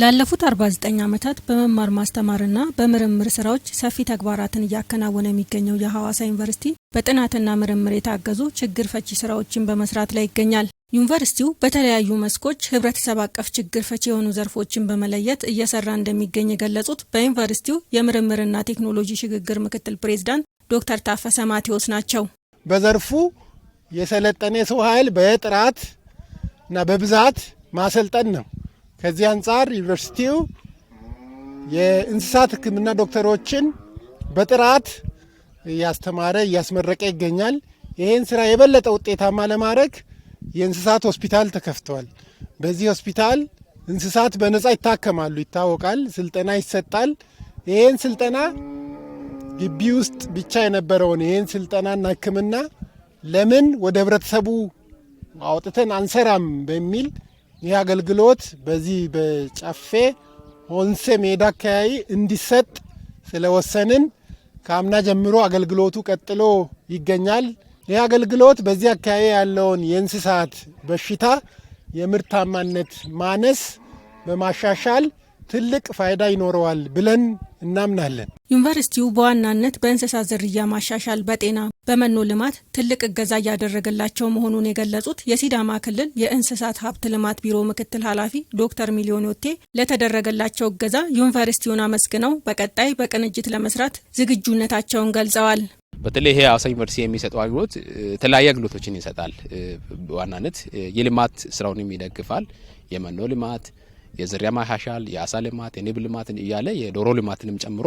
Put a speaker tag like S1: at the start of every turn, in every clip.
S1: ላለፉት 49 ዓመታት በመማር ማስተማርና በምርምር ስራዎች ሰፊ ተግባራትን እያከናወነ የሚገኘው የሐዋሳ ዩኒቨርሲቲ በጥናትና ምርምር የታገዙ ችግር ፈቺ ስራዎችን በመስራት ላይ ይገኛል። ዩኒቨርሲቲው በተለያዩ መስኮች ህብረተሰብ አቀፍ ችግር ፈቺ የሆኑ ዘርፎችን በመለየት እየሰራ እንደሚገኝ የገለጹት በዩኒቨርሲቲው የምርምርና ቴክኖሎጂ ሽግግር ምክትል ፕሬዝዳንት ዶክተር ታፈሰ ማቴዎስ ናቸው።
S2: በዘርፉ የሰለጠነ የሰው ኃይል በጥራት እና በብዛት ማሰልጠን ነው ከዚህ አንጻር ዩኒቨርሲቲው የእንስሳት ሕክምና ዶክተሮችን በጥራት እያስተማረ እያስመረቀ ይገኛል። ይህን ስራ የበለጠ ውጤታማ ለማድረግ የእንስሳት ሆስፒታል ተከፍተዋል። በዚህ ሆስፒታል እንስሳት በነጻ ይታከማሉ፣ ይታወቃል። ስልጠና ይሰጣል። ይህን ስልጠና ግቢ ውስጥ ብቻ የነበረውን ይህን ስልጠናና ሕክምና ለምን ወደ ህብረተሰቡ አውጥተን አንሰራም በሚል ይህ አገልግሎት በዚህ በጨፌ ሆንሴ ሜዳ አካባቢ እንዲሰጥ ስለወሰንን ከአምና ጀምሮ አገልግሎቱ ቀጥሎ ይገኛል። ይህ አገልግሎት በዚህ አካባቢ ያለውን የእንስሳት በሽታ የምርታማነት ማነስ በማሻሻል ትልቅ ፋይዳ ይኖረዋል ብለን እናምናለን።
S1: ዩኒቨርሲቲው በዋናነት በእንስሳት ዝርያ ማሻሻል፣ በጤና በመኖ ልማት ትልቅ እገዛ እያደረገላቸው መሆኑን የገለጹት የሲዳማ ክልል የእንስሳት ሀብት ልማት ቢሮ ምክትል ኃላፊ ዶክተር ሚሊዮን ዮቴ ለተደረገላቸው እገዛ ዩኒቨርሲቲውን አመስግነው በቀጣይ በቅንጅት ለመስራት ዝግጁነታቸውን ገልጸዋል።
S3: በተለይ ይሄ ሀዋሳ ዩኒቨርሲቲ የሚሰጠው አገልግሎት የተለያዩ አገልግሎቶችን ይሰጣል። በዋናነት የልማት ስራውንም ይደግፋል። የመኖ ልማት የዝርያ ማሻሻል፣ የአሳ ልማት፣ የንብ ልማት እያለ የዶሮ ልማትንም ጨምሮ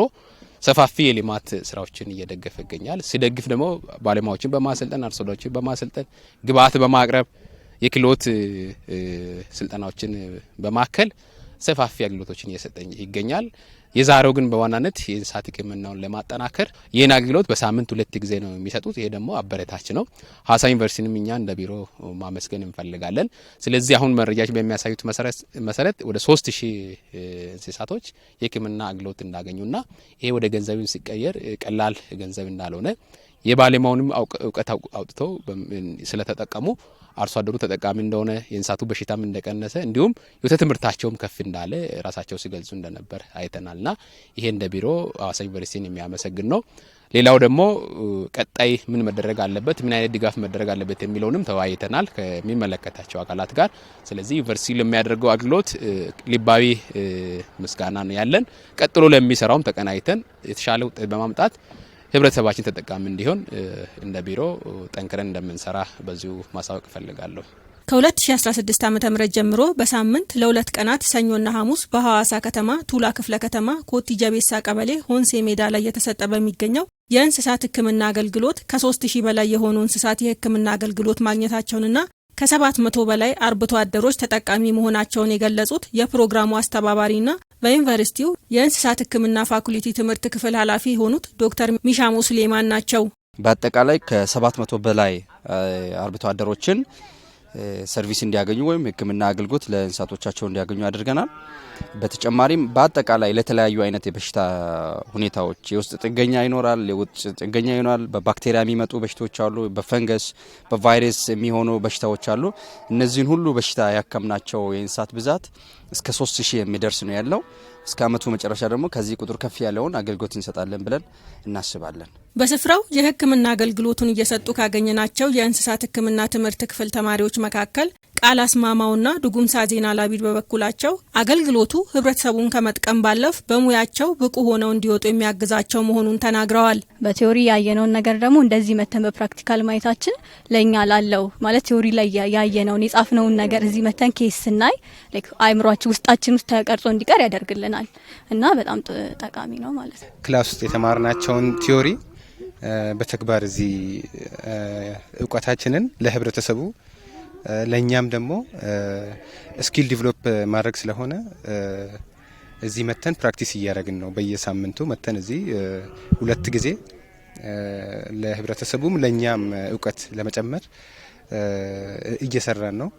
S3: ሰፋፊ የልማት ስራዎችን እየደገፈ ይገኛል። ሲደግፍ ደግሞ ባለሙያዎችን በማሰልጠን አርሶዎችን በማሰልጠን ግብአት በማቅረብ የክህሎት ስልጠናዎችን በማከል ሰፋፊ አገልግሎቶችን እየሰጠ ይገኛል። የዛሬው ግን በዋናነት የእንስሳት ሕክምናውን ለማጠናከር ይህን አገልግሎት በሳምንት ሁለት ጊዜ ነው የሚሰጡት። ይሄ ደግሞ አበረታች ነው። ሀዋሳ ዩኒቨርሲቲንም እኛ እንደ ቢሮ ማመስገን እንፈልጋለን። ስለዚህ አሁን መረጃዎች በሚያሳዩት መሰረት ወደ ሶስት ሺህ እንስሳቶች የሕክምና አገልግሎት እንዳገኙና ይሄ ወደ ገንዘብን ሲቀየር ቀላል ገንዘብ እንዳልሆነ የባለሙያውንም እውቀት አውጥተው ስለተጠቀሙ አርሶ አደሩ ተጠቃሚ እንደሆነ የእንስሳቱ በሽታም እንደቀነሰ እንዲሁም የወተት ምርታቸውም ከፍ እንዳለ ራሳቸው ሲገልጹ እንደነበር አይተናልና ይሄ እንደ ቢሮ ሀዋሳ ዩኒቨርሲቲን የሚያመሰግን ነው። ሌላው ደግሞ ቀጣይ ምን መደረግ አለበት፣ ምን አይነት ድጋፍ መደረግ አለበት የሚለውንም ተወያይተናል ከሚመለከታቸው አካላት ጋር። ስለዚህ ዩኒቨርሲቲ ለሚያደርገው አገልግሎት ልባዊ ምስጋና ነው ያለን። ቀጥሎ ለሚሰራውም ተቀናይተን የተሻለ ውጤት በማምጣት ህብረተሰባችን ተጠቃሚ እንዲሆን እንደ ቢሮ ጠንክረን እንደምንሰራ በዚሁ ማሳወቅ እፈልጋለሁ።
S1: ከ2016 ዓ ም ጀምሮ በሳምንት ለሁለት ቀናት ሰኞና ሐሙስ በሐዋሳ ከተማ ቱላ ክፍለ ከተማ ኮቲ ጀቤሳ ቀበሌ ሆንሴ ሜዳ ላይ የተሰጠ በሚገኘው የእንስሳት ህክምና አገልግሎት ከ3000 በላይ የሆኑ እንስሳት የህክምና አገልግሎት ማግኘታቸውንና ከሰባት መቶ በላይ አርብቶ አደሮች ተጠቃሚ መሆናቸውን የገለጹት የፕሮግራሙ አስተባባሪና በዩኒቨርሲቲው የእንስሳት ሕክምና ፋኩሊቲ ትምህርት ክፍል ኃላፊ የሆኑት ዶክተር ሚሻሞ ሱሌማን ናቸው።
S4: በአጠቃላይ ከሰባት መቶ በላይ አርብቶ አደሮችን ሰርቪስ እንዲያገኙ ወይም ሕክምና አገልግሎት ለእንስሳቶቻቸው እንዲያገኙ አድርገናል። በተጨማሪም በአጠቃላይ ለተለያዩ አይነት የበሽታ ሁኔታዎች የውስጥ ጥገኛ ይኖራል፣ የውጭ ጥገኛ ይኖራል። በባክቴሪያ የሚመጡ በሽታዎች አሉ፣ በፈንገስ በቫይረስ የሚሆኑ በሽታዎች አሉ። እነዚህን ሁሉ በሽታ ያከምናቸው የእንስሳት ብዛት እስከ ሶስት ሺህ የሚደርስ ነው ያለው። እስከ አመቱ መጨረሻ ደግሞ ከዚህ ቁጥር ከፍ ያለውን አገልግሎት እንሰጣለን ብለን እናስባለን።
S1: በስፍራው የሕክምና አገልግሎቱን እየሰጡ ካገኘናቸው የእንስሳት ሕክምና ትምህርት ክፍል ተማሪዎች መካከል ቃል አስማማውና ዱጉምሳ ዜና ላቢድ በበኩላቸው አገልግሎቱ ህብረተሰቡን ከመጥቀም ባለፍ በሙያቸው ብቁ ሆነው እንዲወጡ የሚያግዛቸው መሆኑን ተናግረዋል።
S5: በቴዎሪ ያየነውን ነገር ደግሞ እንደዚህ መተን በፕራክቲካል ማየታችን ለእኛ ላለው ማለት ቴዎሪ ላይ ያየነውን የጻፍነውን ነገር እዚህ መተን ኬስ ስናይ አይምሯችን ውስጣችን ውስጥ ተቀርጾ እንዲቀር ያደርግልናል እና በጣም ጠቃሚ ነው ማለት ነው።
S6: ክላስ ውስጥ የተማርናቸውን ቴዎሪ በተግባር እዚህ እውቀታችንን ለህብረተሰቡ ለእኛም ደግሞ ስኪል ዲቨሎፕ ማድረግ ስለሆነ እዚህ መተን ፕራክቲስ እያደረግን ነው። በየሳምንቱ መተን እዚህ ሁለት ጊዜ ለህብረተሰቡም ለእኛም እውቀት ለመጨመር እየሰራን ነው።